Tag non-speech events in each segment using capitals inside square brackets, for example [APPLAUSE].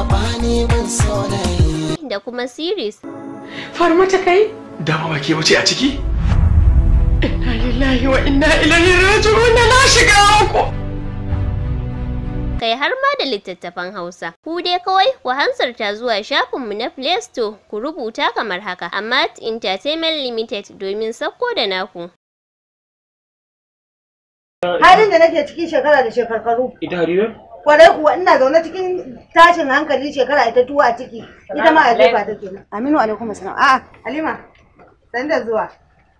sabani ban saurayi da kuma series far mata kai dama ba ke wuce a ciki inna lillahi wa inna ilaihi raji'un na shiga ku kai har ma da littattafan Hausa. Ku dai kawai ku hansarta zuwa shafinmu na Play Store ku rubuta kamar haka, Amat Entertainment Limited domin sakko da naku. Halin da nake cikin shekara da shekarkaru. Ita kwarai kuwa ina zaune cikin tashin hankali shekara ita tuwa a ciki ita ma a jefa ta kenan aminu alaikum assalam a'a halima san da zuwa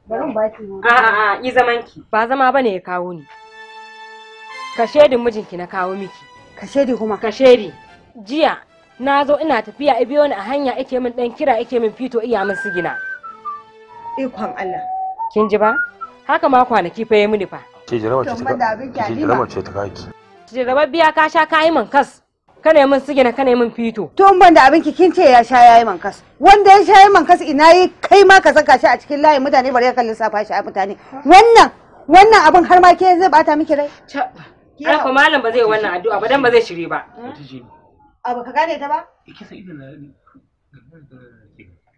bari mu baki a'a a'a yi zaman ki ba zama bane ya kawo ni ka shedin mijinki na kawo miki ka shedi kuma ka shedi jiya na zo ina tafiya a biyo ni a hanya ake min dan kira ake min fito iya min sigina ikon Allah kin ji ba haka ma kwanaki fa yayi mini fa ce jarama ce ta kaki biya ka sha ka yi Ka kana min sigina ka min fito to mun ban da abin ki kin ce ya sha yayi kas wanda ya sha yayi kas ina yi kai ma ka saka shi a cikin layin mutane bari ka lissafa shi a mutane wannan wannan abin har ma ke zai bata miki rai ai ko malam ba zai wannan addu'a ba dan ba zai shiri ba abu ka gane ta ba eh,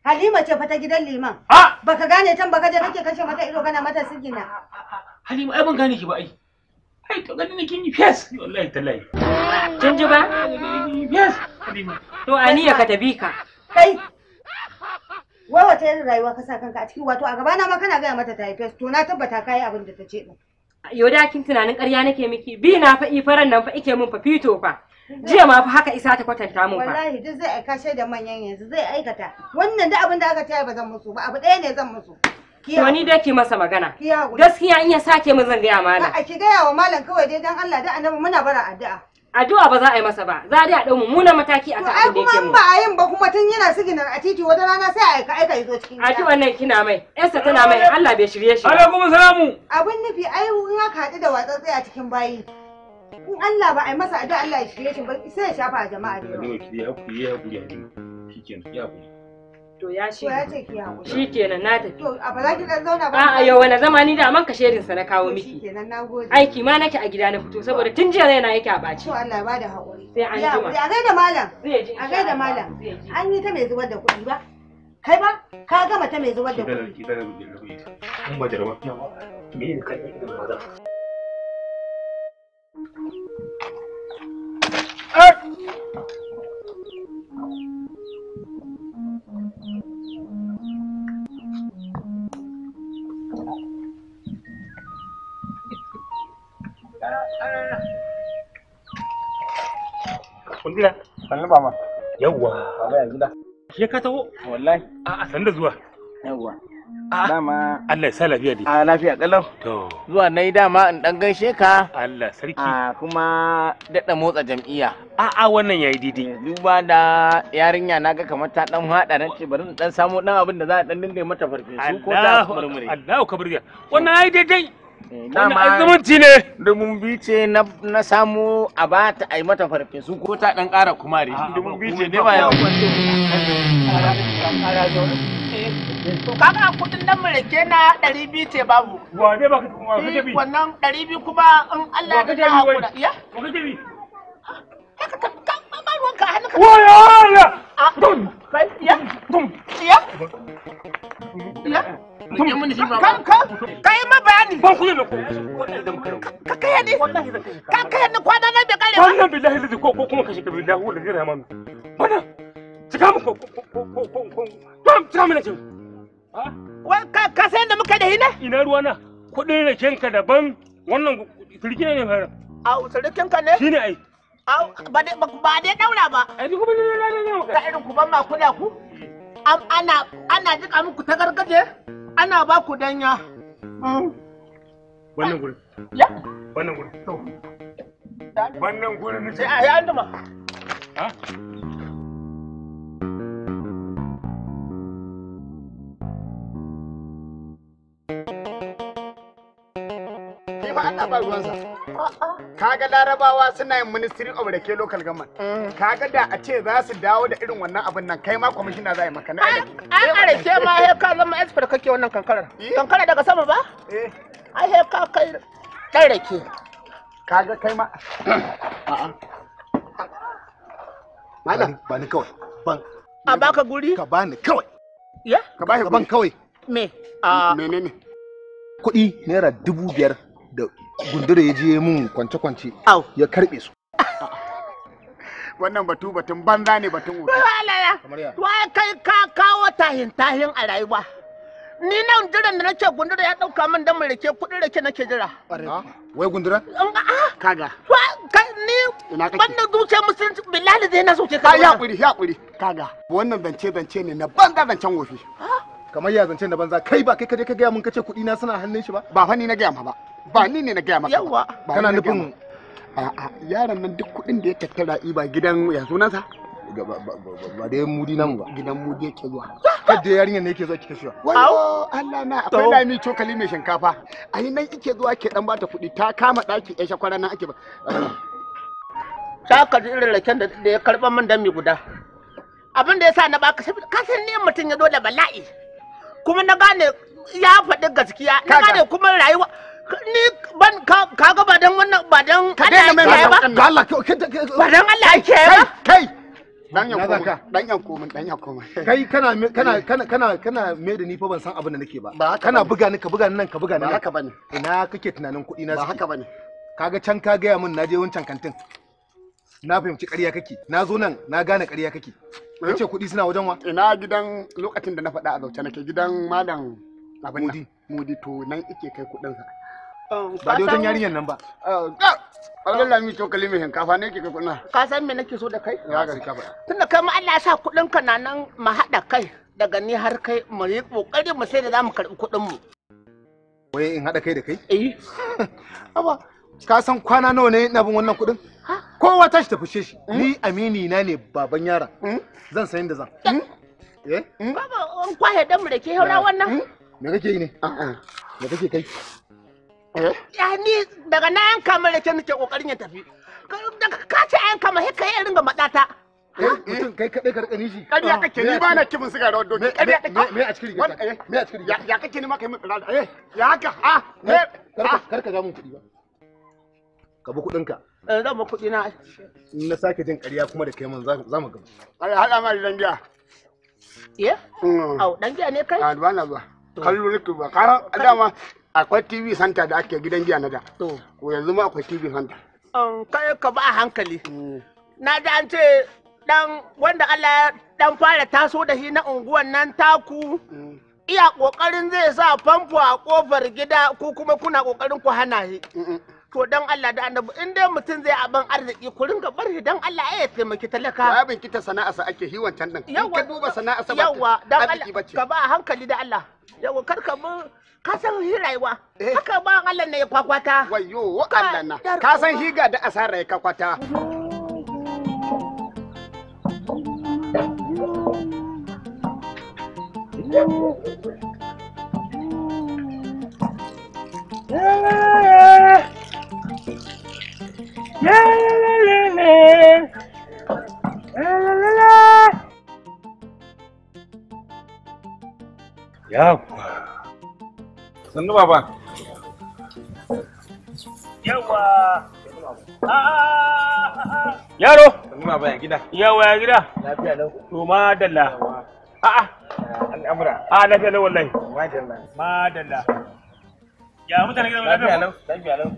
Halima ce fa ta gidan liman. Baka gane tan baka je kake kashe mata ido kana mata sigina. Halima ai ban gane ki ba ai. kai to gani yi fes wallahi tallahi kin ji ba fes to ka tabi ka kai wai wata irin rayuwa ka sa kanka a cikin wato a gaba na ma kana gaya mata ta yi fes to na tabbata ka yi abin da ta ce din yau da kin tunanin ƙarya nake miki bi na fa ifaran nan fa ike min fa fito fa jiya ma fa haka isa ta kwatanta mun fa wallahi duk zai aika shaidar manyan yanzu zai aikata wannan da abin da aka taya ba zan musu ba abu ɗaya ne zan musu To ni dai ki masa magana. Gaskiya in ya sake min zan gaya malam. A'a ki gaya wa malam kawai dai dan Allah da annabi muna bara addu'a. Addu'a ba za a yi masa ba, za dai a mun mummunan mataki a kan abin Ai kuma mu. ba a yin ba kuma tun yana siginar a titi wata rana sai a aika aika yazo cikin gida. Addu'an nan kina mai, ƴarsa tana mai Allah bai shirye shi. Alaikum salamu. Abin nufi ai in aka haɗu da watsa tsaya cikin bayi. In Allah ba a yi masa addu'a Allah ya shirye shi ba sai ya shafa a jama'a da yawa. Ya ku ya ku ya ku. Shikenan ya ku. to ya shi ya ce shikenan na tafi to a ba ki dan zauna ba a'a yau wani zamani da man kasherin sa na kawo miki shikenan nagode aiki ma nake a gida na fito saboda tun jiya raina yake a baci to Allah ba da hakuri sai an jima a da malam a da malam an yi ta mai zubar da kuɗi ba kai ba ka gama ta mai zubar da kuɗi kun ba jarma me ne kai ba eh! za Kundila. Sannu ba ma. Yawwa. Baba ya gida. Ke ka taho? Wallahi. A'a sannu da zuwa. Yawwa. Dama. Allah ya sa lafiya dai. A lafiya kalau. To. Zuwa nayi dama in dan gaishe ka. Allah sarki. A kuma daɗa motsa jam'iyya. A'a wannan yayi daidai. Eh, duba da yarinya na ga kamar ta dan hada nan ce bari in dan samo dan abin da za a dan dinga mata farfesu ko da murmure. Allahu kabar. Wannan yayi daidai. Eh, Dama azumunci ne. Dumun na samu a ba ta ai mata farfesu ko ta dan ƙara ne ba To kaga kudin nan na ce babu. kuma kake bi? Eh, wannan kuma in Allah ya ta hakura. Ya? bi? Ka a ban ka ni ka ko mu ko ko ka da ina ruwa na wannan ne a ba ba. kuma ne ne Ana jika muku ta gargaje? Ana ba ku danya. Hmm. wannan gurin wannan gurin to wannan gurin sai a yi anduma kaga larabawa suna yin ministry of rake local government kaga da a ce za su dawo da irin wannan abin nan kai ma kwamishina za a yi maka na rake an rake ma ya ka zama expert kake wannan kankarar eh. Kankarar daga sama ba eh. ai he ka kai dan rake kaga kai ma a'a ba ni kawai ban a baka guri ka bani kawai ya ka bani ban kawai me a ah. menene kuɗi naira dubu biyar da gundura ya je mun kwance-kwance ya karɓe su wannan batu batun banza ne batun wuta. Wala ya, kai ka kawo tahin tahin a rayuwa. ni nan jiran da nake gundura ya dauka min dan rake kudin rake nake jira wai gundura ah! kaga ni wannan zuciya musulunci billahi zai na soke kai ya kuri ya kuri kaga wannan zance zance ne na banza zancen wofi ah! kamar ya zance na banza kai ba kai kaje ka gaya mun kace kudi na suna hannun shi ba ba fa ni na gaya ma ba ba ni ne na gaya maka yawa kana nufin a'a yaron nan duk kudin da ya tattara iba gidan ya sunansa ba dai mudi nan ba gidan mudi yake zuwa kadda yarinya ne yake zuwa kike shiwa wayo Allah na akwai lami cokali mai shinkafa ai nan kike zuwa ke dan bata kuɗi ta kama daki ya shakwara nan ake ba [CLEARS THROAT] ka ji irin raken da ya karba min dan mi guda abin da yasa na baka saboda ka san ne mutum ya zo da bala'i kuma na gane ya faɗi gaskiya na gane kuma rayuwa ni ban kaga ba dan wannan ba dan Allah ya ba ba dan Allah ya ba kai dan yanko kai kana kana kana kana me da ni fa ban san abin da nake ba kana buga ni ka buga ni nan ka buga ni nan. haka bane ina kake tunanin kuɗi na ba haka bane kaga can ka gaya min na je wancan kantin na fahimci ƙarya kake na zo nan na gane ƙarya kake eh? kace kuɗi suna wajen wa ina gidan lokacin da na faɗa a bauta nake gidan malam abin mudi mudi to nan ike kai kuɗin sa oh, ba dai wajen yarinyar nan ba eh, Allah lami to kalimi hinkafa ne ke ka kuna. Ka san me nake so da kai? Ya ga ka ba. Tunda kai ma Allah ya sa kuɗin ka na nan mu haɗa kai daga ni har kai mu yi kokari mu sai da zamu karɓi kuɗin mu. Wai in haɗa kai da kai? Eh. [LAUGHS] Aba ka san kwana nawa ne na bin wannan kuɗin? Kowa tashi ta fushe shi. Hmm? Ni amini na ne baban yara. Hmm? Zan sayin da zan. Hmm? Eh? Baba, an kwaye dan mu da ke haura eh. wannan. Me kake yi ne? A'a. Me kake kai? ya ni daga na yanka mara ke nake kokarin ya tafi ka ce a kai irin ga madata mutum kai kadai karkani shi kariya kake ni ba na kibin siga wadda ne kariya kake me a cikin eh, me a cikin ya kake ni ma kai ya haka ha karka ga mun kuɗi ba ka bi ka eh, zan na na sake jin kariya kuma da kai mun za mu gama ma giya eh? mm. au dan giya ne kai ah, ba na ba kallo ba dama akwai tv center da ake gidan giya na da to yanzu ma akwai tv center um, kai ka ba hankali mm. na ji an ce dan wanda Allah dan fara taso da shi na unguwan nan taku mm. iya kokarin zai sa famfo a kofar gida ku kuma kuna kokarin ku hana shi to dan Allah da annabi in dai mutum zai abin arziki ku ringa bar shi dan Allah ya taimaki talaka ba bin kita sana'a sa ake hiwancan din in ka duba sana'a sa ba yawa dan Allah ka ba hankali da Allah yawa kar ka ka san hi rayuwa eh. haka ba Allah ne ya kwakwata wayo Allah na ka san ga da asara ya kwakwata Yeah. sannu baba yawa yaro sannu baba ya gida yawa ya gida lafiya lau to ma dalla a'a al'amura a lafiya lau wallahi ma dalla ma dalla ya mutane gidan lafiya lau lafiya lau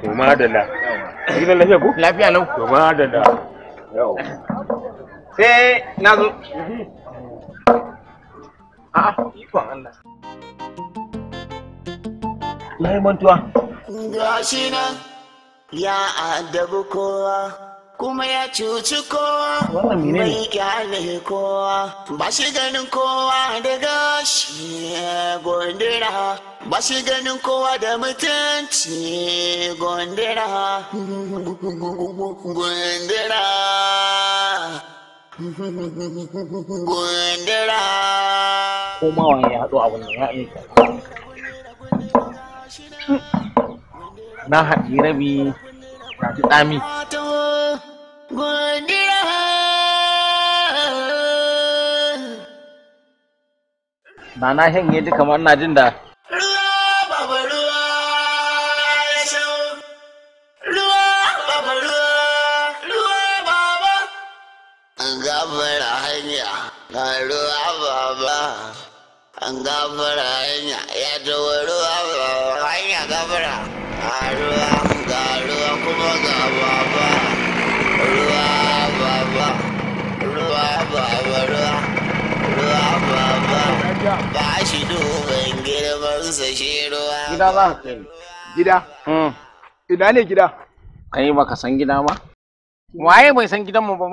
to ma gidan lafiya ko lafiya lau to ma dalla sai na zo a'a ikon Allah ya yi mantuwa gashi nan ya adabu kowa kuma ya cuci kowa bai kyale kowa ba shi ganin kowa da gashi gondira ba shi ganin kowa da mutunci gondira gondira [LAUGHS] gondira [LAUGHS] wani ya haɗu abu wannan ya na haɗi rabi na fi ɗami ba na shanye duka ma ina jin da gafara hanya ga ruwa baba an gafara hanya ya tawo ruwa baba babura a ruwa ruwa kuma ga ruwa ruwa ruwa ruwa ba shi gida za gida hmm. ina ne gida kai baka san gida ba waye bai san gidan mu ba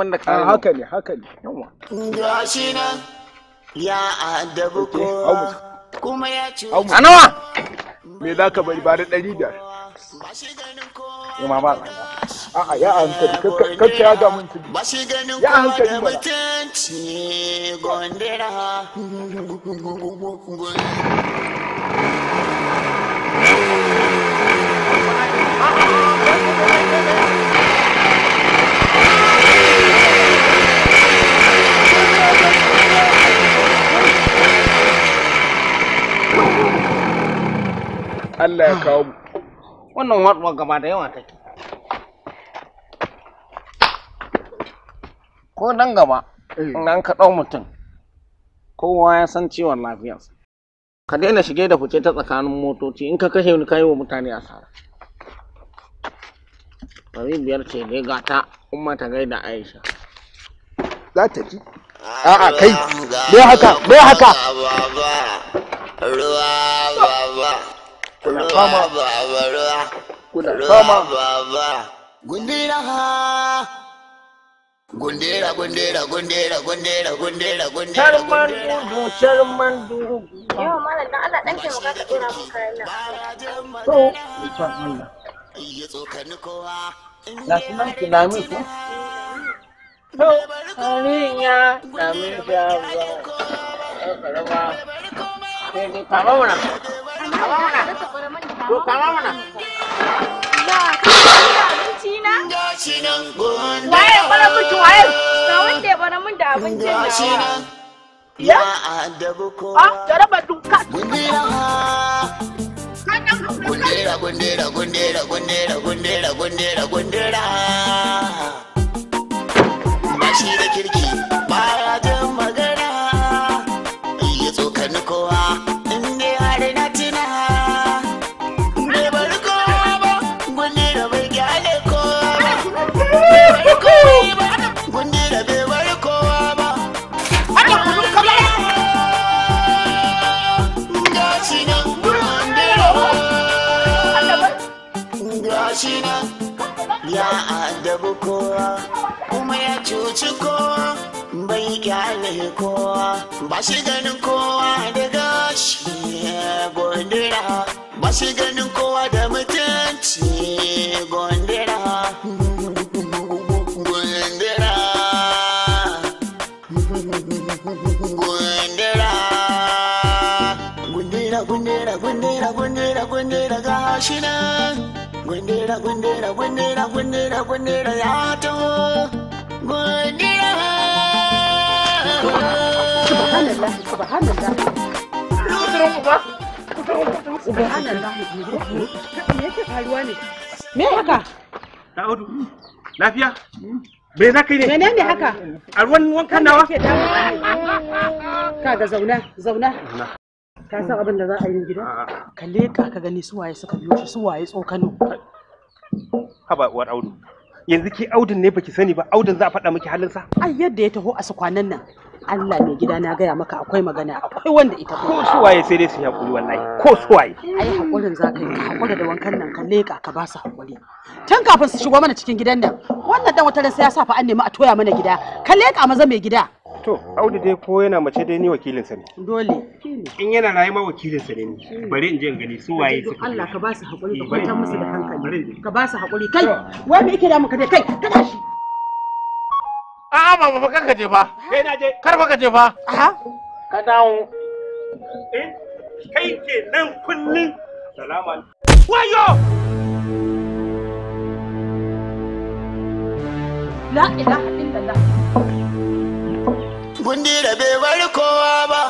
ah, ne a me za ka bari ba da ɗari biyar imama ba a a'a ya hankali kakka ya ga mun tudu ya hankali ba Thank you. Allah ya kawo mu wannan wadwa gaba da yawa take ko nan gaba eh. in an ka ɗau mutum kowa ya san ciwon lafiyarsa ka daina shige da fice ta tsakanin motoci in ka kashe ni kayi wa mutane asara Bari biyar ce dai gata umma ta gaida aisha za ta ji a'a kai bai haka bai haka ruwa kuna fama kuna fama gundira gundera gundera gundera gundera gundera gundera charman dudu charman dudu yau malam dan Allah dan taimaka ka dora kayan nan to insha Allah ya tsokani kowa na sunan ki na min ku? to aninya na min Ko kama mana. kama na. Ya? Ah, gundera, gundera, gundera, gundera, gundera, gundera, gundera. kirki. kyale kowa ba shi ganin kowa da gashi gondira ba shi ganin kowa da mutunci gondira gondira gondira gundira gundira gundira gundira gundira gashi nan gundira gundira gundira gundira gundira ya taho gundira me ne haka Daudu lafiya me za ka yi ne haka a ruwan wankan nawa zauna zauna ka san abin da za a yi gida ka leka ka gani su waye suka biyo shi su tsokano haba uwar audu audun ne baki sani ba audun za a faɗa miki halinsa ai yadda ya taho a su kwanan nan Allah mai gida na gaya maka akwai magana akwai wanda ita ko suwaye sai dai su hakuri wallahi ko suwaye ai hakurin za ka yi hakuri da wankan nan ka leka ka ba su hakuri tun kafin su shigo mana cikin gidan nan wannan dan wata sai ya sa fa an nemi a toya mana gida ka leka maza mai gida to Audu dai ko yana mace dai ni wakilinsa ne dole in yana rayu ma wakilinsa ne bari in je in gani su waye su Allah ka ba su hakuri ka eh, kwantar musu da hankali ka ba su hakuri kai wai me yake da muka dai kai ka tashi A'a ba ba kanka je fa. Kai na je. Kar ka je fa. Ka dawo. Eh? Kai ke nan kullum. Salamu Wayo! La ilaha illallah. Gundi da bai bar kowa ba.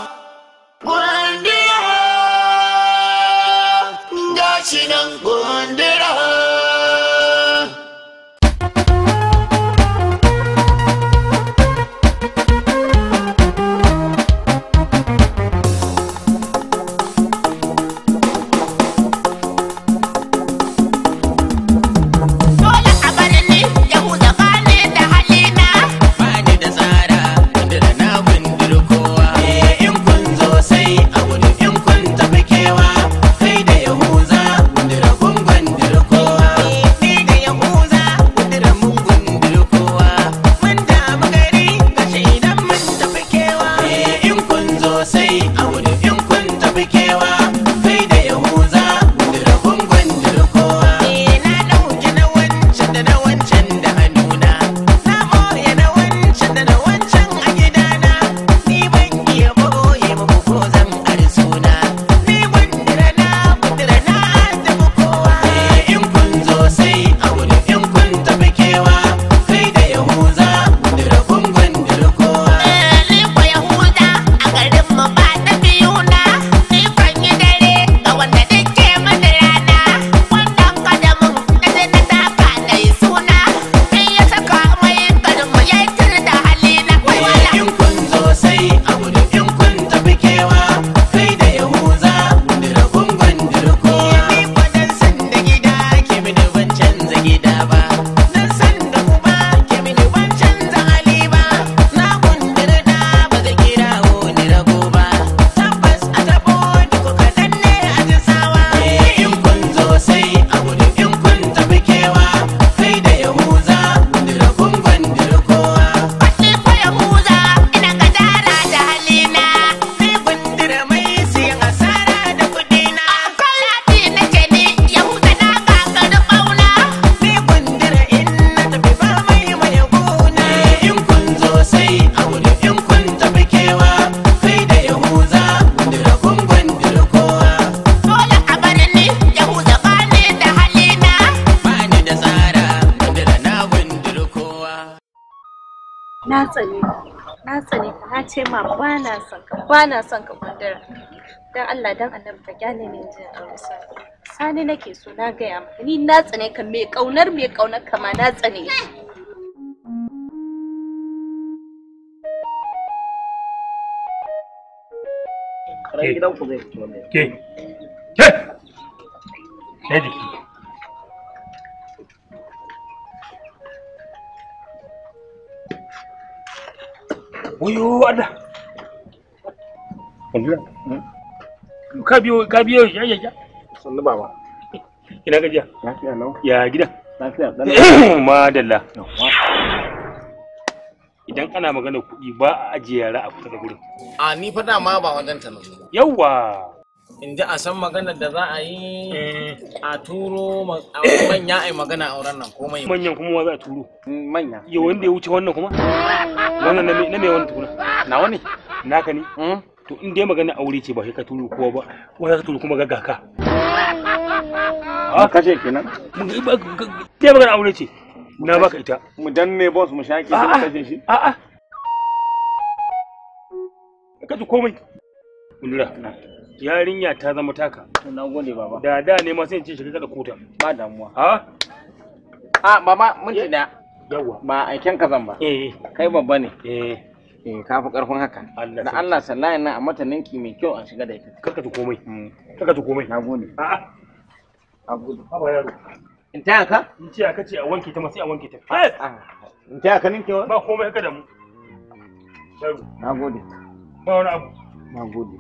bana na son ka gundura dan Allah dan annabi ka gyale ni jin amsa sani nake so na gaya ya ni na tsane ka mai kaunar mai kaunar ka ma na tsane shi ke ke ke jiki Uyo ada. ka biyo ka biyo ya ya ya sannu baba ina gajiya lafiya lau ya lafiya dan [COUGHS] madalla [COUGHS] idan ana magana kuɗi ba a ajiye yara a fita da gurin a ni fa dama ba wajen ta nufi yawwa in ji a san maganar da za a yi eh. a turo manya a yi magana a wurin nan ko mai manyan kuma wa za a turo mm, manya yau wanda ya wuce wannan kuma [COUGHS] wannan na mai wani tuna na wani naka ne mm. to in dai magana aure ce ba shi ka turo kowa ba wai ka turo kuma gaga ka a kace kenan dai magana aure ce na baka ita mu danne boss mu shaki sai ka kace shi a a ka ji komai kullura yarinya ta zama taka na gode baba da da ne ma sai in ce shiga da kuta ba damuwa a a mama mun ji na yawa ba aiken ka zan ba eh kai babba ne eh eh ka karfin haka da Allah sallahi na a mata ki mai kyau a shiga da ita karka ta komai mm. karka ta komai na gode a a abu ba yaro in taya ka in ce aka ce a wanke ta ma sai a wanke ta a ah, eh! ah. in taya ka ninki ba komai haka da mu yaro na gode ba wani abu na gode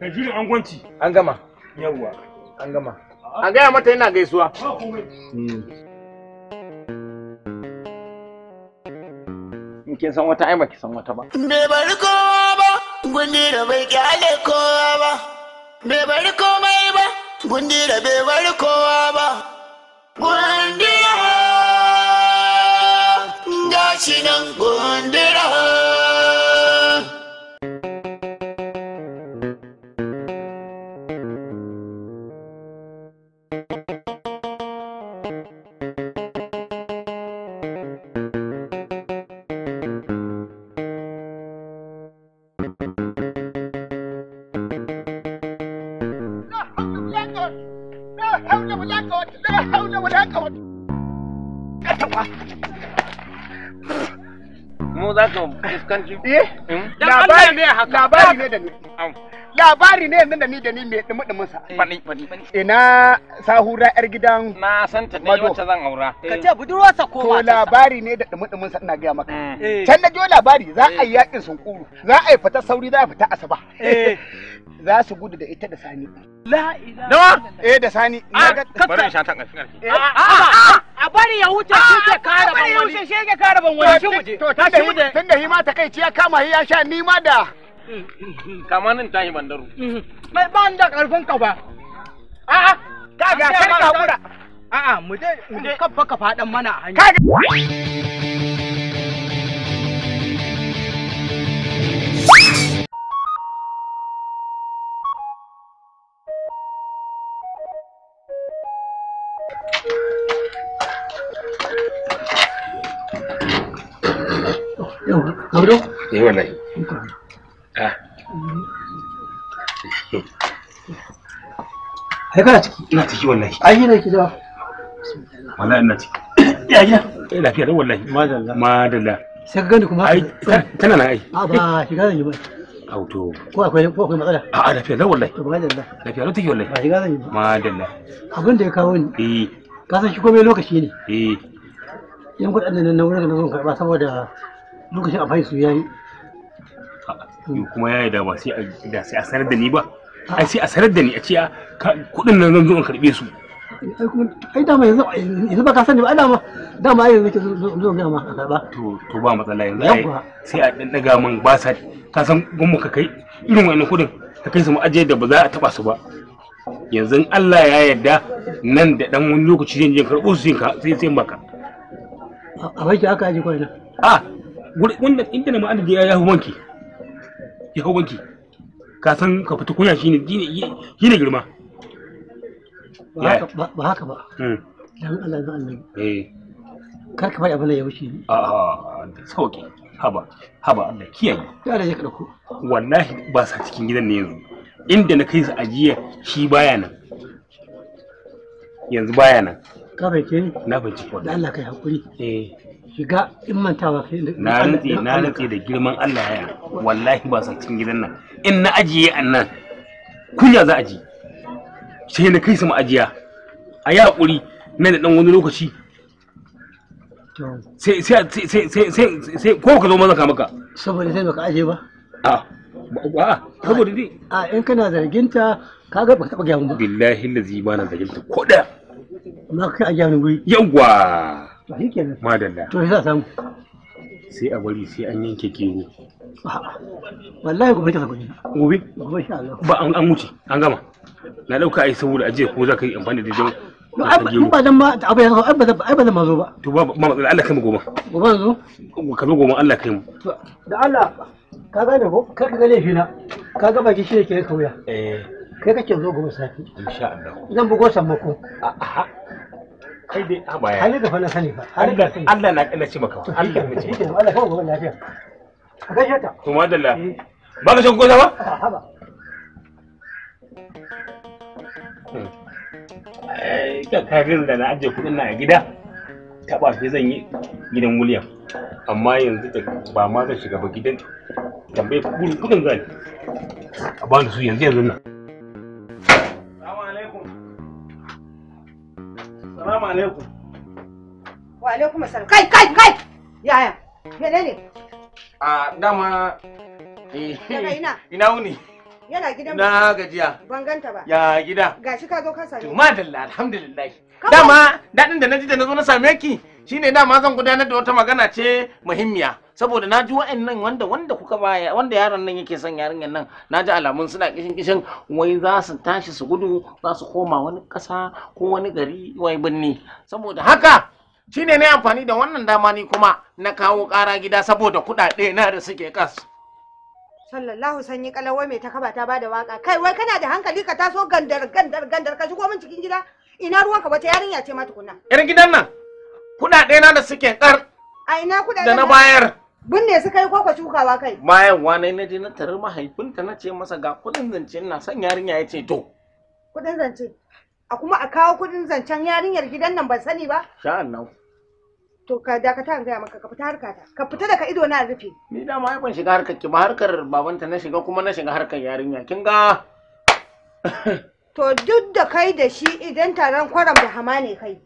kai jirin angwanci an gama yawwa an gama a gaya mata yana gaisuwa ba komai mm. in kin san wata ai baki san wata ba bai bari kowa ba gundi da bai kyale kowa ba bai bari komai ba gundi da bai bari kowa ba gundi da gashi nan gundi da iskanci eh hmm? labari ne haka labari ne da ni labari ne yanzu da ni da ni mai dumi dumin sa bani bani ina sahura yar gidan na san ta ne wacce zan aura ka ce budurwarsa ko to labari ne da dumi dumin sa ina ga maka hmm. eh. can na jiyo labari za a yi eh. yakin sunkuru za a yi fita sauri za a fita asaba eh. [LAUGHS] za su gudu da ita da sani la ilaha eh da sani na ah, ga ka sha ta ƙarfi ƙarfi a bari ya wuce ah, shi ke kare ban wani shi ke ban wani shi muje to muje hima ta kai kama hi sha ni ma da kamanin bandaru mhm. mai ban da karfin ka ba a'a kaga ka muje kafa mana hanya yau ah kana ciki ina ciki wallahi ai ina ciki ina ya eh lafiya dai wallahi madalla madalla sai ka gani kuma ai tana nan ai a ba shiga zan yi ba ko akwai ko akwai matsala a a lafiya lau wallahi madalla lafiya lau wallahi ba shiga zan yi madalla abin da ya kawo ni eh ka san shi lokaci ne eh yan kuɗin nan na wurin da zan karɓa saboda lokacin a faisu yayi kuma yayi da ba sai a da sai a sanar da ni ba ai sai a sanar da ni a ce ah, kudin nan zan zo in karbe su ai dama yanzu yanzu ba ka sani ba dama dama yanzu nake zo ga ma ba to to ba matsala yanzu sai a dan daga mun ba sa ka san gwamma ka kai irin wannan kudin ka kai su mu aje da ba za a taba su ba yanzu Allah ya yarda nan da dan wani lokaci zan je karbo su sai sai baka a baki aka aje kwana a ah, wannan inda na ma'ana ya yahu wanki ya hau wanki ka san ka fita kunya shine shine girma ba haka ba hmm. dan Allah da Allah eh kar ka bari abin da ya wuce ni a a sauki haba haba Allah kiyaye ya da ya karko wallahi ba sa cikin gidan ne yanzu inda na kai su ajiya shi baya nan yanzu baya nan ka bai ke ni na bai ci da Allah kai hakuri eh shiga in ba kai na rantsi na rantsi da girman Allah ya wallahi ba san cikin gidan nan in na ajiye annan kunya za a ji sai na kai su ajiya a yi hakuri na da dan wani lokaci sai sai sai sai sai ko ka zo maza ka maka saboda sai baka ajiye ba a a saboda dai a in kana zarginta kaga ba taba gyamu ba billahi lazi ba na zarginta ko da ma kai a gyamu guri yawwa to shi kenan madalla to yasa samu sai a bari sai an yanke kiwo wallahi gobe ta sakuni gobe gobe sha Allah ba an wuce an gama na dauka ai saboda aje ko za ka yi amfani da jan in ba dan ma abu ya zo ai ba zan ai ba zan zo ba to ba ma Allah kai mu goma goma zo ka zo goma Allah kai mu da Allah ka gane ko ka ga laifi na ka ga baki shi yake kauya eh kai kake zo goma safi insha Allah zan bugo sammako a'a kai dai a baya da na Allah na maka Allah eh. ba ka shiga ba haba hmm. ka da ajiye kudin a gida taba zan yi gidan William amma yanzu da ba ma zan shiga ba gidan tambaye kudin zan a bani su yanzu yanzu nan Salamu alaikum. Wa alaikum Kai kai kai. Yaya? Menene? dama [LAUGHS] Daga ina? Ina wuni. Yana gidan Na gajiya. Ban ganta ba. Ya gida. Gashi ka zo ka same. To madalla alhamdulillah. dama daɗin da na ji da na zo na same ki shine dama zan gudanar da wata magana ce muhimmiya saboda na ji wa'annan wanda wanda kuka baya wanda yaron nan yake son yarinyar nan na ji alamun suna kishin kishin wai za su tashi su gudu za su koma wani ƙasa ko wani gari wai binni saboda haka shine ne amfani da wannan dama ni kuma na kawo kara gida saboda kuɗaɗe na da suke kas. sallallahu sanyi kalawa mai ta kaba ta bada waka kai wai kana da hankali ka taso gandar gandar gandar ka shigo min cikin gida Ina ruwanka wata yarinya ce ma tukunna. Yar gidan nan kuɗaɗe na da suke kar. A ina kuɗaɗe da na bayar. Binne su kai koko ka shukawa kai. Bayan wani na je na tarar mahaifinta na ce masa ga kuɗin zance ina son yarinya ya ce to. Kuɗin zance. A kuma a kawo kuɗin zancen yarinyar gidan nan ban sani ba. Sha'an nan. To ka dakata in gaya maka ka fita harka ta. Ka fita daga ido na rufe. Ni da ma ban shiga harkar ki ba harkar babanta na shiga kuma na shiga harkar yarinya. Kin ga [LAUGHS] To duk da kai da shi idan taron kwaram da hama ne kai.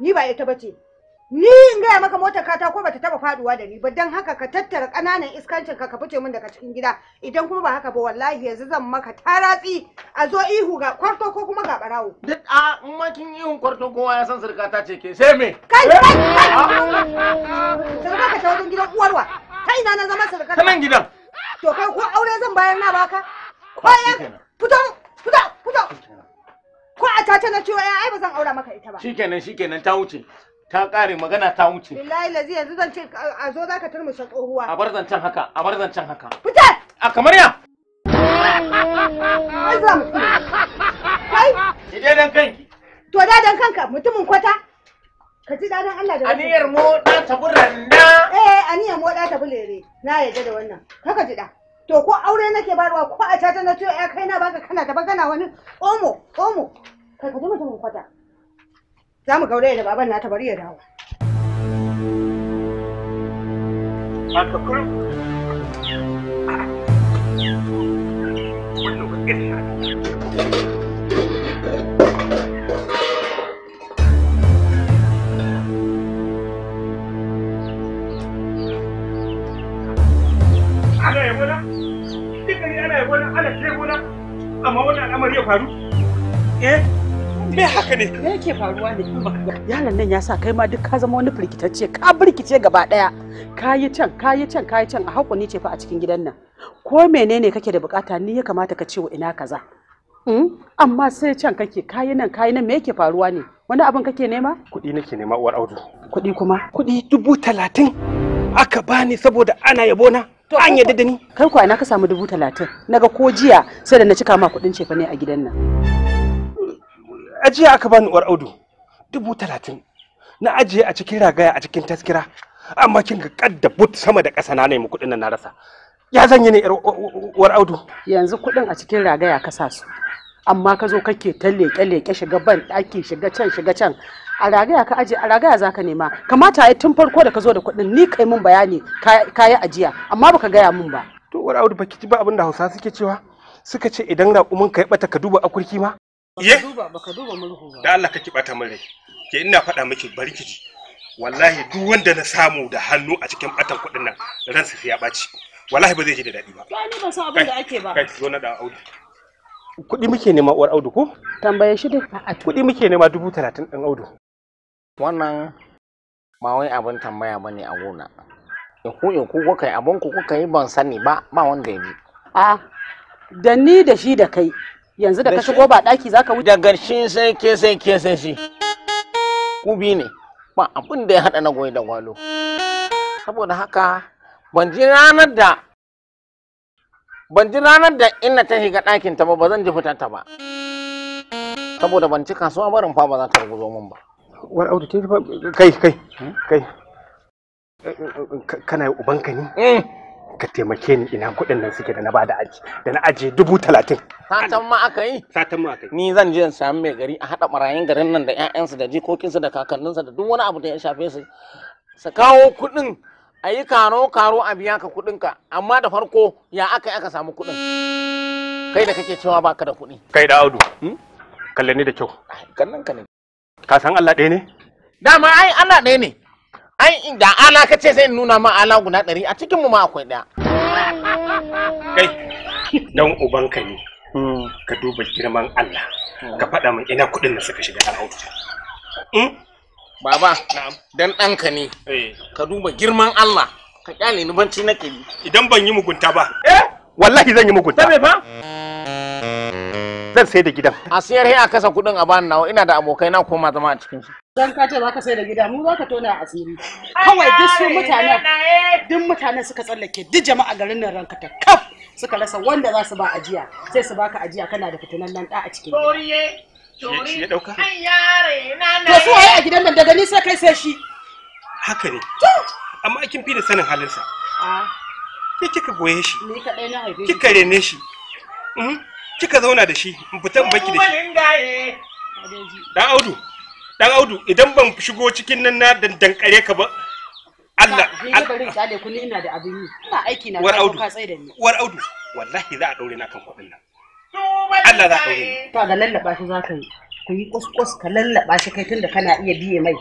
Ni ba ita bace. Ni in gaya maka mota kata ko bata taba faduwa da ni ba dan haka ka tattara kananan iskancin ka ka fice min daga cikin gida idan kuma ba haka ba wallahi yanzu zan maka taratsi a zo ihu ga kwarto ko kuma ga barawo. Duk a in ma kin hun kwarto kowa ya san ta ce ke sai me? Kai kai kai. [LAUGHS] Ah! ka ta wajen gidan uwarwa. Ta ina na zama sirkata. Ta nan gidan. To kai ko aure zan bayar na baka? Ko ya fito Fito, fito. Ko a ta tana cewa ai ba zan aura maka ita ba. Shikenan shikenan ta wuce. Ta kare magana ta wuce. Billahi lazi yanzu zan ce a zo zaka turmushe tsohuwa. A bar zancen haka, a bar zancen haka. Fita! A kamar ya. Ai za mu. Kai. Ki dai dan kanki. To da dan kanka mutumin kwata. Ka ji dadan Allah da Aniyar mo da taburanda. Eh, aniyar mo da tabulere. Na yarda da wannan. Haka ji da. to ko aure nake barwa ko a tata na to ya kai na baka kana da bagana wani omo omo kai ka ji mutumin kwata za mu gaure da baban na ta bari ya dawo Thank you. amma wannan al'amari ya faru eh me haka ne me yake faruwa ne yaron nan ya sa kai ma duk ka zama wani firgitacce ka birkice gaba daya ka yi can ka yi can ka yi can a hakuni ce fa a cikin gidan nan ko menene kake da bukata ni ya kamata ka ce wa ina kaza hmm? amma sai can kake kayi nan kayi nan me yake faruwa ne wani abin kake nema kuɗi nake nema uwar audu kuɗi kuma kuɗi dubu talatin aka bani saboda ana yabona an yadda da ni kai ko ina ka samu dubu talatin naga ko jiya sai da na cika ma kuɗin cefa ne a gidan nan a jiya aka bani uwar audu dubu talatin na ajiye a cikin ragaya a cikin taskira amma kin ga kadda but sama da ƙasa na nemi kuɗin nan na rasa ya zanye ne uwar audu yanzu kuɗin a cikin ragaya ka sa su amma ka zo kake ta leƙe-leƙe shiga ban ɗaki shiga can shiga can a ragaya ka aje a ragaya zaka nema kamata yi tun farko da ka zo da kuɗin ni kai mun bayani kayi ajiya amma baka gaya mun ba to wani audu baki ji ba abin da hausa suke cewa suka ce idan raƙumin ka ya bata ka duba akurki ma ye baka duba murhu ba da Allah ka kibata min rai ke ina faɗa miki bari ki wallahi duk wanda na samu da hannu a cikin batan kuɗin nan ran sai ya baci wallahi ba zai ji da daɗi ba to ni ban san abin da ake ba kai zo na da audu kuɗi muke nema uwar audu ko tambaye shi dai kuɗi muke nema dubu talatin ɗin audu wannan ba wai abin tambaya bane a gona Ya ku kuka yi abin ku kuka yi ban sani ba ba wanda ya ji a da ni da shi da kai yanzu da ka shigo ba daki zaka wuce daga shi sai ke sai ke sai shi ku bi ne ba abin da ya hada na goyi da gwalo saboda haka ban ji ranar da ban ji ranar da ina ta shiga ɗakin ta ba ba zan ji fitar ta ba saboda ban ci kasuwa barin fa ba za ta ruguzo mun ba war audu te kai kai kai kana ubanka ne eh. ka taimake ni ina kuɗin nan suke da na bada aji da na aje dubu talatin satan ma aka yi satan ma aka yi ni zan je in samu mai gari a haɗa marayun garin nan da ƴaƴansu da jikokinsu da kakanninsu da duk wani abu da ya shafe su su kawo kuɗin a yi karo karo a biya ka kuɗinka amma da farko ya aka yi aka samu kuɗin kai da kake cewa baka da kuɗi kai da audu hmm? kalle ni da kyau kallon ka ne ka san Allah ɗaya ne dama ai Allah ɗaya ne ai da ala ka ce zai nuna ma ala guda ɗari a cikin mu ma akwai ɗaya kai dan ka ne hmm. ka duba girman Allah ka faɗa min ina kuɗin da suka shiga ɗan auto hmm? baba dan ka ne eh. ka duba girman Allah ka kyale ni banci nake idan ban yi mugunta ba eh wallahi zan yi mugunta ba zan sai da gidan a siyar a kasa kuɗin a bani nawa ina da abokai na koma zama a cikin don dan ka ce zaka sai da gida mu zaka tona a asiri kawai duk su mutanen duk mutanen suka tsallake duk jama'a garin nan ranka ta kaf suka rasa wanda za su ba ajiya sai su baka ajiya kana da fitinan nan da a cikin shi dauka to su waye a gidan nan daga ni sai kai sai shi haka ne amma kin fi da sanin halinsa ah. ke kika goye shi ni kadai na haife kika rene shi hmm? kika zauna da shi in fita in baki da shi dan audu dan audu idan ban shigo cikin nan na dankare ka ba Allah bari ta da kullu ina da abin yi ina aiki na war audu war audu wallahi za a daure na kan kudin nan Allah za a daure to ga lallaba shi za ka yi ku yi kuskus ka lallaba shi kai tunda kana iya biye mai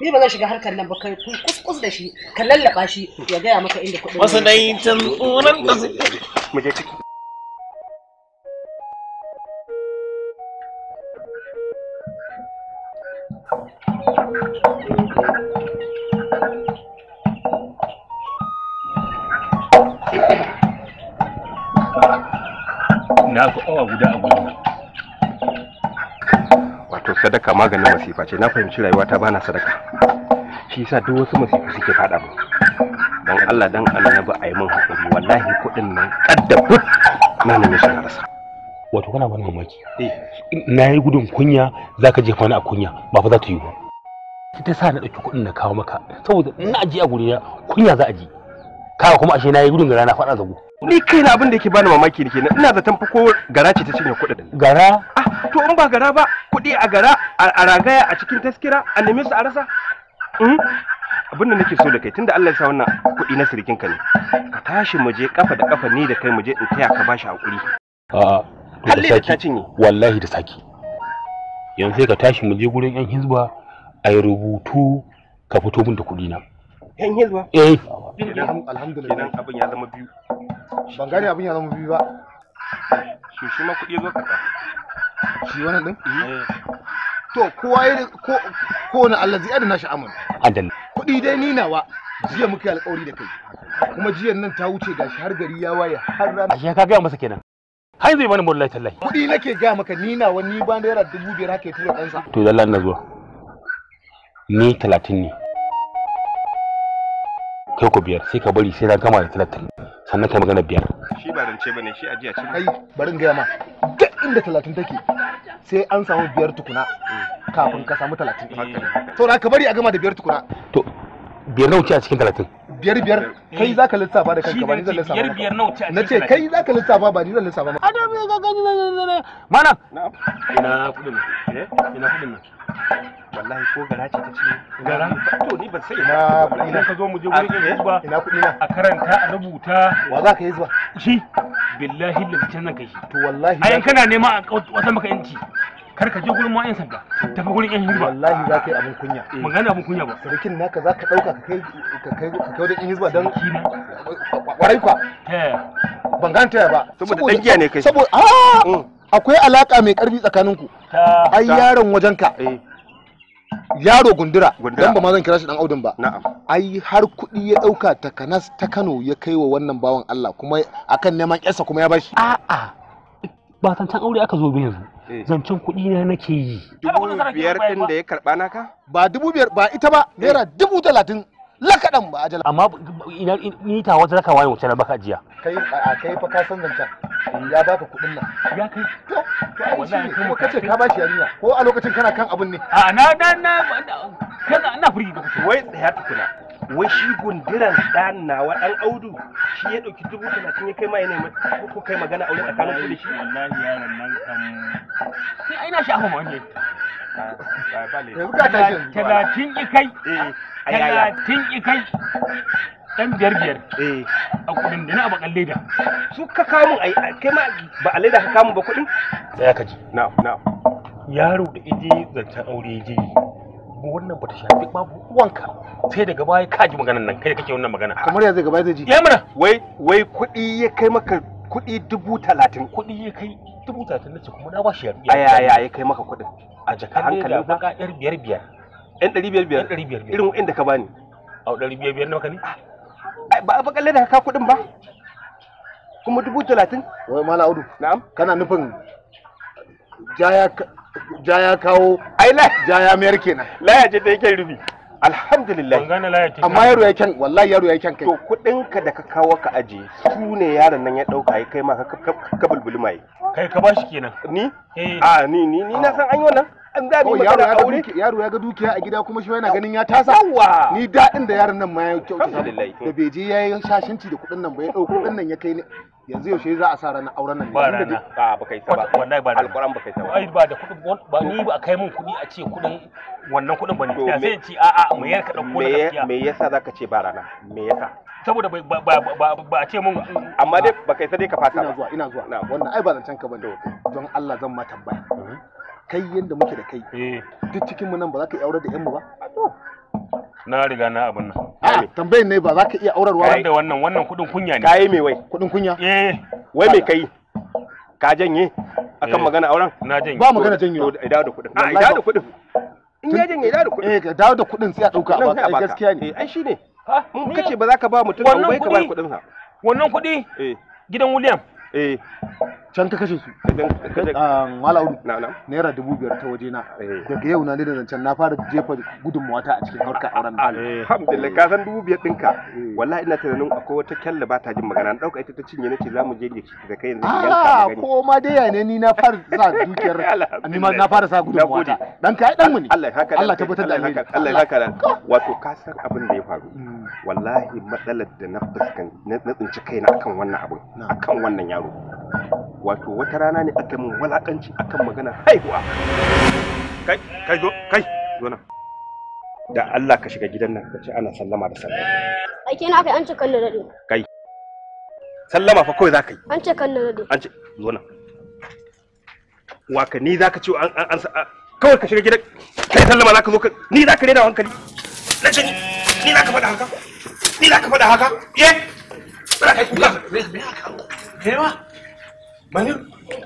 ni ba zan shiga harkar nan ba kai ku kuskus da shi ka lallaba shi ya gaya maka inda kudin wasu dai tun tsoron da mu je ciki maganin masifa ce na fahimci rayuwa ta bana sadaka shi yasa duk wasu masifa suke fada mu dan Allah dan annabi ayi min hakuri wallahi kudin nan kaddabu na nemi shi na rasa wato kana bani mamaki eh. na yi gudun kunya zaka jefa ni a kunya ba fa za ta yi ba ta sa na dauki kudin na kawo maka saboda ina ji a ya kunya za a ji kawo kuma ashe na yi gudun gara na fada zago ni kai na abin da yake bani mamaki ne ina zaton fa ko gara ce ta cinye kuɗin gara to in ba gara ba kuɗi a gara a ragaya a cikin taskira a neme su a rasa hmm? abinda nake so da kai tunda Allah ya sa wannan kuɗi na sirkin ka ne ka tashi mu je kafa da kafa ni da kai mu je in taya ka bashi hakuri a'a da saki wallahi da saki yanzu sai ka tashi mu je gurin yan hizba a yi rubutu ka fito min da kuɗi na yan hizba eh alhamdulillah abin ya zama biyu ban gane abin ya zama biyu ba shi shi ma kuɗi zo ka shi wani din eh. to kowa ya ko ko na Allah zai adana shi amin adana kuɗi dai ni nawa jiya muka yi alƙawari da kai kuma jiya nan ta wuce gashi har gari ya waye har rana ashe ka gaya masa kenan hai zai bani mullahi tallahi kuɗi nake gaya maka ni nawa ni ba naira dubu biyar haka ya tura ɗansa to dalla na zuwa ni talatin ne kai ku biyar sai ka bari sai na gama da talatin sannan kai magana biyar shi ba rance bane shi ajiya ce kai bari gaya ma inda talatin take sai an samu biyar tukuna kafin ka samu talatin to na ka bari a gama da biyar tukuna to biyar nawa ce a cikin talatin biyar biyar eh. kai zaka lissafa da kanka ba ni zan lissafa biyar biyar nawa ce a cikin nace kai zaka lissafa ba ni zan lissafa ba adam ne zaka ni mana ina kudin eh ina kudin nan wallahi ko gara ce ta ce gara to ni ban sai ina ina ka zo mu je ne ba ina kudin na a karanta a rubuta wa zaka zuwa shi billahi lillahi nan kai to wallahi ai kana nema a wata maka yanci kar ka je gurin ma'ayin sanda tafi gurin yan hizba wallahi za ka yi abin kunya eh. magana abin kunya ba sarkin naka za ka ɗauka ka kai ka kai ka kai wajen hizba dan kina warai kwa ban ganta ba saboda dan giya ne kai saboda ah! mm. akwai alaka mai karfi tsakaninku ai yaron wajen ka. Eh. yaro gundura dan ba ma zan kira shi dan audin ba ai har kuɗi ya ɗauka ta kanas ta kano ya kai wa wannan bawan allah kuma akan neman kyarsa kuma ya bashi a'a ba tantan aure aka zo bin yanzu Eh. zancen kuɗi na nake yi dubu biyar ɗin da ya karɓa naka ba dubu biyar ba ita ba eh. naira dubu talatin lakaɗan ba ajala amma ni ta wata rakawa ne wacce na baka kai a kai fa ka san zancen ya baka kuɗin nan ya kai to ka yarinya ko a lokacin kana kan abun ne a na na na da wai tsaya tukuna wai shi gundiran dan na wa dan audu shi ya dauki dubu talatin ya kai ma yana ko kai magana aure tsakanin ku da shi wallahi yaron nan kan sai ai na shafa wani talatin ikai eh, talatin kai dan biyar biyar eh a kudin da na ba kalle da su ka kamun ai kai ma ba a da ka kamun ba kudin tsaya ka ji na'am na'am yaro da ije zancen aure je mu wannan bata shafi babu uwanka sai daga baya ka ji maganar nan kai kake wannan magana kamar ya zai gaba zai ji ya mana wai wai kuɗi ya kai maka kuɗi dubu talatin kuɗi ya kai dubu talatin na ce kuma na bashi yarbiya aya ya ya kai maka kuɗin a jaka hankali ba ka yar biyar biyar yan ɗari biyar biyar ɗari biyar irin inda ka bani a ɗari biyar biyar nawa ka ne ah, ba a bakalle da ka kuɗin ba kuma dubu talatin wai mala audu na'am kana nufin jaya ja ya kawo ai ja ya mayar kenan laya ce ta yake rubi alhamdulillah amma yaro ya kyan wallahi yaro ya kyan kai to kudin ka da ka kawo ka aje su ne yaron nan ya dauka ai kai ma ka bulbuli mai kai ka bashi kenan ni eh. a ni ni ni na ah. san an yi wannan an da ni magana aure yaro ya ga dukiya a gida kuma shi yana ganin ya tasa ni dadin da yaron nan ma ya kyauta da bai je yayi shashinci da kudin nan ba ya dauko kudin nan ya kai yanzu yaushe za a sa ranar auren nan ba rana ba ba kai ta ba wallahi ba alquran ba kai ta ba ai ba da kudin ba ni ba kai mun kudi a ce kudin wannan kudin ba ne sai ce a a mu yarka dauko na gaskiya me yasa zaka ce ba rana me yasa saboda ba ba a ce mun mm, mm, amma dai ba kai ta dai ka fata ina zuwa ina zuwa wannan ai ba zancen ka bane don Allah zan ma tambaya mm-hmm. kai yanda muke da kai eh. duk cikin mu nan ba za ka yi aure da yanmu mu ba na riga na abin nan a ah, tambayin ne ba za ka iya aurarwa ba da wannan wannan kudin kunya ne kai me wai kudin kunya eh wai me kai ka janye akan eh. magana auren na janye ba magana janye Ida da kudin a ah, da kudin in ya janye ida da kudin eh dawo da kudin sai a dauka a baka gaskiya ne eh ai shine mun kace ba za ka ba mutum ba ka ba kudin sa wannan kudi eh. gidan William eh can ka kashe su ah, mala'udu naira dubu biyar ta waje na eh. daga yau na ne da can na fara jefa gudunmawa ta a cikin harkar auren eh, alhamdulillah ka san dubu biyar ɗinka eh. wallahi ina tunanin akwai wata kyalla ba ta jin magana na ɗauka ita ta cinye nace za mu je ne da kai yanzu yanka ah, ko ma dai ya ne ni na fara sa dukiyar [LAUGHS] ni ma na fara sa gudunmawa ta dan kai dan mu ne Allah haka Allah tabbatar da alheri Allah haka wato ka san abin da ya faru mm. wallahi matsalar da na fuskan na tsinci kaina akan wannan abin akan wannan ya yaro wato wata rana ne aka min walakanci akan magana haihuwa kai kai zo kai zo da Allah ka shiga gidan nan ka ce ana sallama da sallama ai na kai an ce kallon dade kai sallama fa kawai zaka yi an ce kallon dade an ce zo nan waka ni zaka ci an an kawai ka shiga gidan kai sallama zaka zo ka ni zaka rena hankali na ce ni ni zaka faɗa haka ni zaka faɗa haka eh ba kai kuka Kaiwa. bani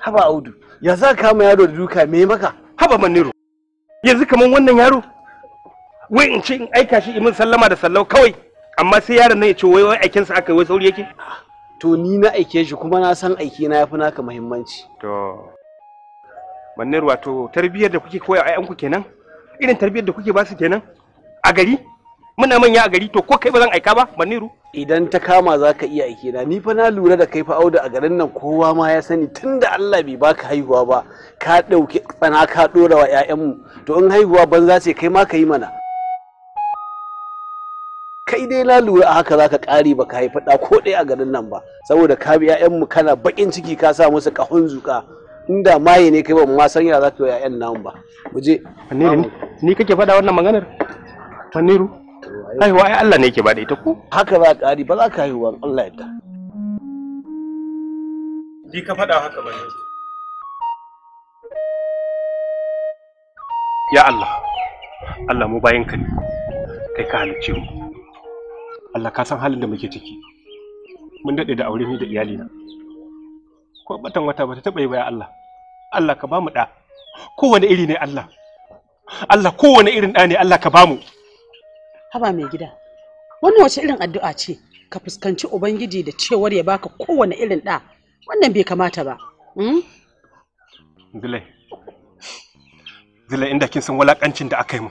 Haba Audu. Ya za ka ma yaro da duka me maka? Haba Maniru. Yanzu kaman wannan yaro. Wai in ce in aika shi imin sallama da sallau kawai. Amma sai yaron nan ya ce wai wai aikinsa aka wai sauri yake. To ni na aike shi kuma na san aiki na yafi naka muhimmanci. To. Maniru wato tarbiyyar da kuke koya a ku kenan? Irin tarbiyyar da kuke ba su kenan? A gari? muna manya a gari to ko kai ba zan aika ba maniru idan ta kama za ka iya aiki na ni fa na lura da kai fa auda a garin nan kowa ma ya sani tunda Allah bai baka haihuwa ba ka ɗauki tsana ka ɗora wa 'ya'yanmu to in haihuwa za ce kai ma ka yi mana kai dai na lura a haka zaka kare ka haifa ɗa ko ɗaya a garin nan ba saboda ka bi ƴaƴanmu kana bakin ciki ka sa musu kahon zuka inda maye ne kai ba ma san ya ka yi ƴaƴan nan ba mu je ni kake faɗa wannan maganar maniru haihuwa ya Allah ne yake bada ita ko haka ba ƙari ba za ka haihuwa Allah ta. ji ka faɗa haka ba ne ya Allah Allah mu bayan ka ne kai ka halicce mu Allah ka san halin da muke ciki mun daɗe da aure ni da iyalina ko batan wata ta taɓa yi ba ya Allah Allah ka ba mu ɗa kowane iri ne Allah Allah kowane irin ɗa ne Allah ka ba mu haba mai gida wannan wace irin addu'a ce ka fuskanci ubangiji da cewar ya baka kowane irin ɗa wannan bai kamata ba zile hmm? zile inda kin san walakancin da aka yi mu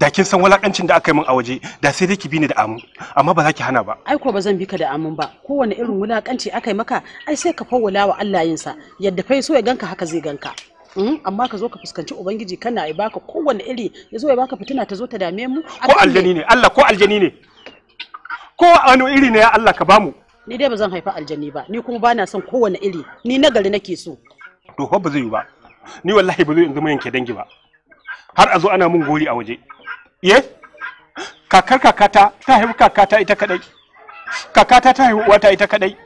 da kin san walakancin da aka yi min a waje da sai dai ki bi ni da amu amma ba za ki hana ba ai ko ba zan bi ka da amun ba kowane irin wulakanci aka yi maka ai sai ka fawwala wa Allah yinsa yadda fa so ya ganka haka zai ganka Hmm? amma ka zo ka fuskanci ubangiji kana ya baka kowanne iri ya zo ya baka fitina ta zo ta dame mu ko aljani ne Allah ko aljani ne ko wani iri ne ya Allah ka bamu ni dai ba zan haifa aljani ba ni kuma bana son kowanne iri ni nagari nake so to fa ba zai yi ba ni wallahi ba zai in zama yanke dangi ba har a zo ana mun gori a waje ye kakar kakata ta haifi kakata ita kadai kakata ta haifi uwata ita kadai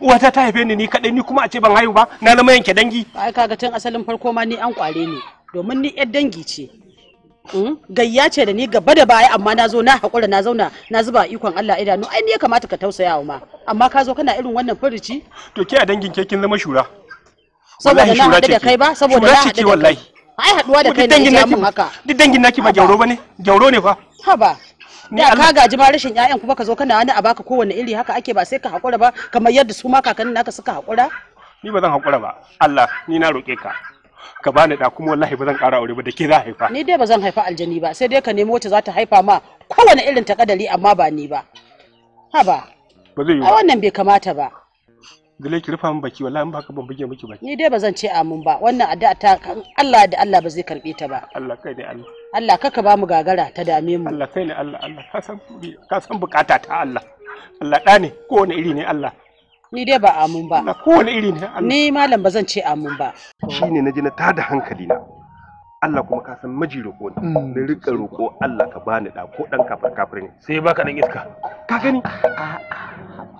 uwata ta haife ni ni kadai ni kuma a ce ban haihu ba na zama yanke dangi ai kaga tun asalin farko ma ni an kware ne domin ni yar dangi ce hmm? gayya ce da ni gaba da baya amma na zo na haƙura na zauna na zuba ikon Allah idanu ai ni ya kamata ka tausaya wa ma amma ka zo kana irin wannan furuci to ke a dangin ke kin zama shura saboda na hada da kai ba saboda na hada da kai ai haduwa da kai ne ya haka duk dangin naki ba gauro bane gauro ne fa haba da ka gaji ma rashin ƴaƴan kuma ka zo kana wani a baka kowanne iri haka ake ba sai ka hakura ba kamar yadda su ma kakannin naka suka hakura ni ba zan hakura ba Allah ni na roƙe ka ka bani da kuma wallahi ba zan ƙara aure ba da ke za haifa ni dai ba zan haifa aljani ba sai dai ka nemi wacce za ta haifa ma kowanne irin takadari amma ba ni ba haba ba zai yi wannan bai kamata ba dole ki rufa min baki wallahi in ba haka ban buge miki baki ni dai ba zan ce amin ba wannan addu'a ta Allah da Allah ba zai karbe ta ba Allah kai ne Allah Allah kaka ba mu gagara ta dame mu Allah kai ne Allah Allah ka san ka san bukata ta Allah Allah da ne ko wani iri ne Allah ni dai ba amin ba Allah ko wani iri ne Allah ni malam ba zan ce amin ba shine naji na tada hankali na Allah kuma ka san maji roko ne hmm. na rika roƙo Allah ka bani da ko dan kafir kafirin ne sai baka dan iska ka gani a'a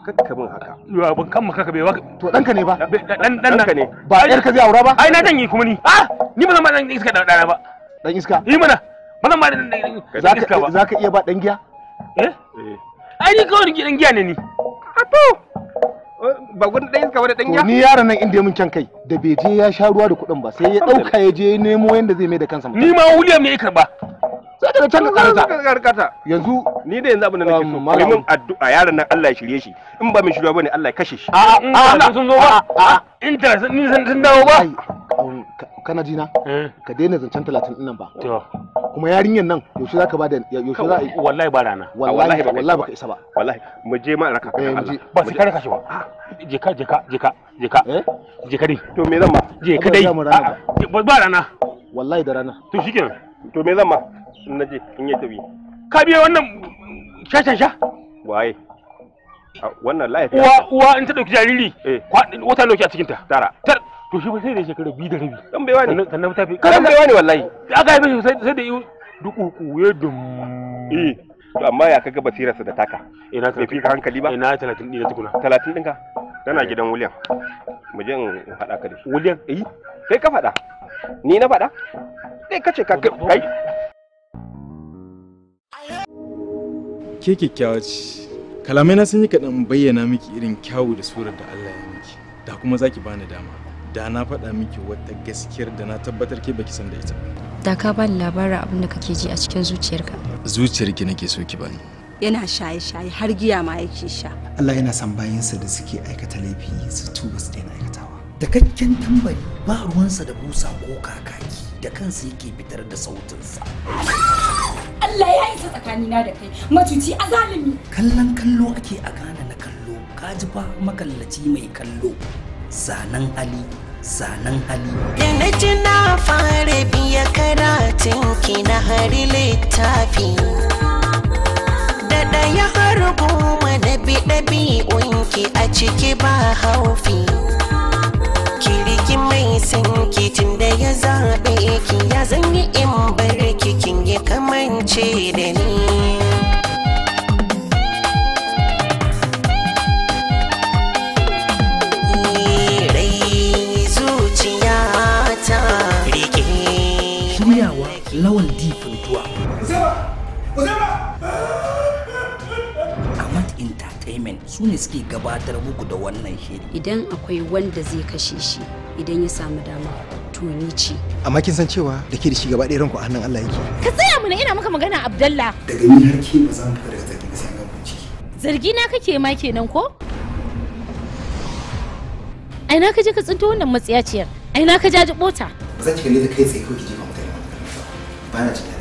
kakkamin haka yo ban kan maka bai waka to danka ne ba dan dan Danka ne ba yar ka zai aura ba ai na yi kuma ni ah ni ba zan ma dan iska da dana ba dan iska yi mana ba zan ma dan iska ba zaka iya ba dan giya eh? eh ai ni kawai ni dan giya ne ni a to oh, ba gudun ɗan iska wani ɗan ya? Ni yaron nan inda ya mun kai da bai je ya sha ruwa da kuɗin ba sai ya ɗauka ya je nemo yadda zai mai da kansa. Ni ma William ne ya karɓa. sai ka can karkata yanzu ni da yanzu abin da nake so um, mun addu'a yaron nan Allah ya shirye shi in ba mai shirya bane Allah ya kashe shi a a sun zo ba a ah, internet ni sun dawo ba um, kana ji eh. ka daina zancen 30 din nan ba kuma yarinyar nan yaushe zaka ba da yaushe za a wallahi ba rana wallahi ah, wallahi baka isa ba wallahi mu je ma raka eh, ba sai ka raka shi ba ah. je ka je ka je ka je ka eh? je ka dai to me zan ba je ka dai ba rana wallahi da rana to shikenan to me zan ma in naje in yi tafi ka biya wannan shashan sha waye wannan lafiya uwa uwa in ta dauki jariri eh. wata nauki a cikin ta tara to shi ba sai da shekara biyu da rabi dan baiwa ne kan na tafi kan baiwa ne wallahi aka haife shi sai da yi duku kuye dum eh to amma ya kaga basirarsa da taka ina ta fi hankali ba ina 30 din tukuna 30 din ka tana eh. gidan William mu je in hada ka da shi William eh kai ka fada. ni na fada. Ne kace ka kai ke keke ce kalamai na sun yi kaɗan bayyana miki irin kyawu da surar da Allah ya miki da kuma zaki bani dama da na faɗa miki wata gaskiyar da na tabbatar ke baki san da ita da ka bani labarin abin da kake ji a cikin zuciyarka zuciyarki nake so ki bani yana shaye-shaye har giya ma yake sha. Allah yana son bayansa da suke aikata laifi su tuba su daina aikatawa. Da kakken tambari ba ruwansa da busa ko kakaki. da kansa yake fitar da sautinsa. Allah ya isa tsakanina da kai matuci a zalimi. Kallon kallo ake a gane na kallo, ka ji fa makallaci mai kallo. Zanen Ali. zanen Ali. Yana ji na fara biya karatun ki na hari littafi. Da ɗaya har goma na bi ɗabi'unki a ciki ba haufi. Kiri san kitin da ya zaɓe ki ya zanyi in bar kikin ya kamance da ni Shiryawa lawan difin tuwa. Entertainment su ne suke gabatar muku da wannan shiri. Idan akwai wanda zai kashe shi, idan ya samu dama to ni ce amma kin san cewa da ke da shi gaba ɗaya ranku a hannun Allah yake ka tsaya mana ina maka magana Abdallah daga ni har ke ba zan fita daga zargi sai an ga ciki zargi na kake ma kenan ko ai na kaje ka tsinto wannan matsiyaciyar ai na ka jaji bota ba zan cika ne da kai tsaye ko ki jefa mutane ba na cikin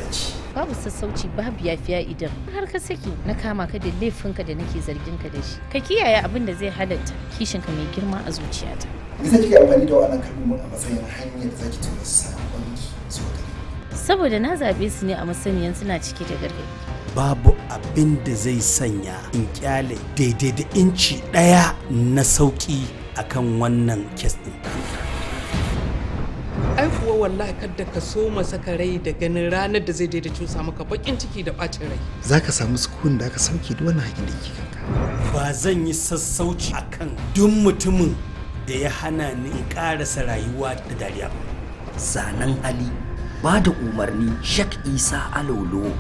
babu sassauci babu yafiya idan har ka saki na kama ka da laifinka da nake zargin ka da shi ka kiyaye abin da zai halatta kishinka mai girma a zuciyata me yasa amfani da wannan kalmomin a matsayin hanyar da zaki tura sakon zuwa gare saboda na zabe su ne a masaniyan suna cike da gargaɗi babu abin da zai sanya in kyale daidai da inci ɗaya na sauki akan wannan kes ɗin ai kuwa wallahi kadda ka so masa ka rai da ganin ranar da zai daida cusa maka bakin ciki da bacin rai za ka samu sukun da aka sauke duk wani hakin da yake kanka ba zan yi sassauci akan duk mutumin da ya hana ni in ƙarasa rayuwa da dariya ba zanen ali ba da umarni shek isa alolo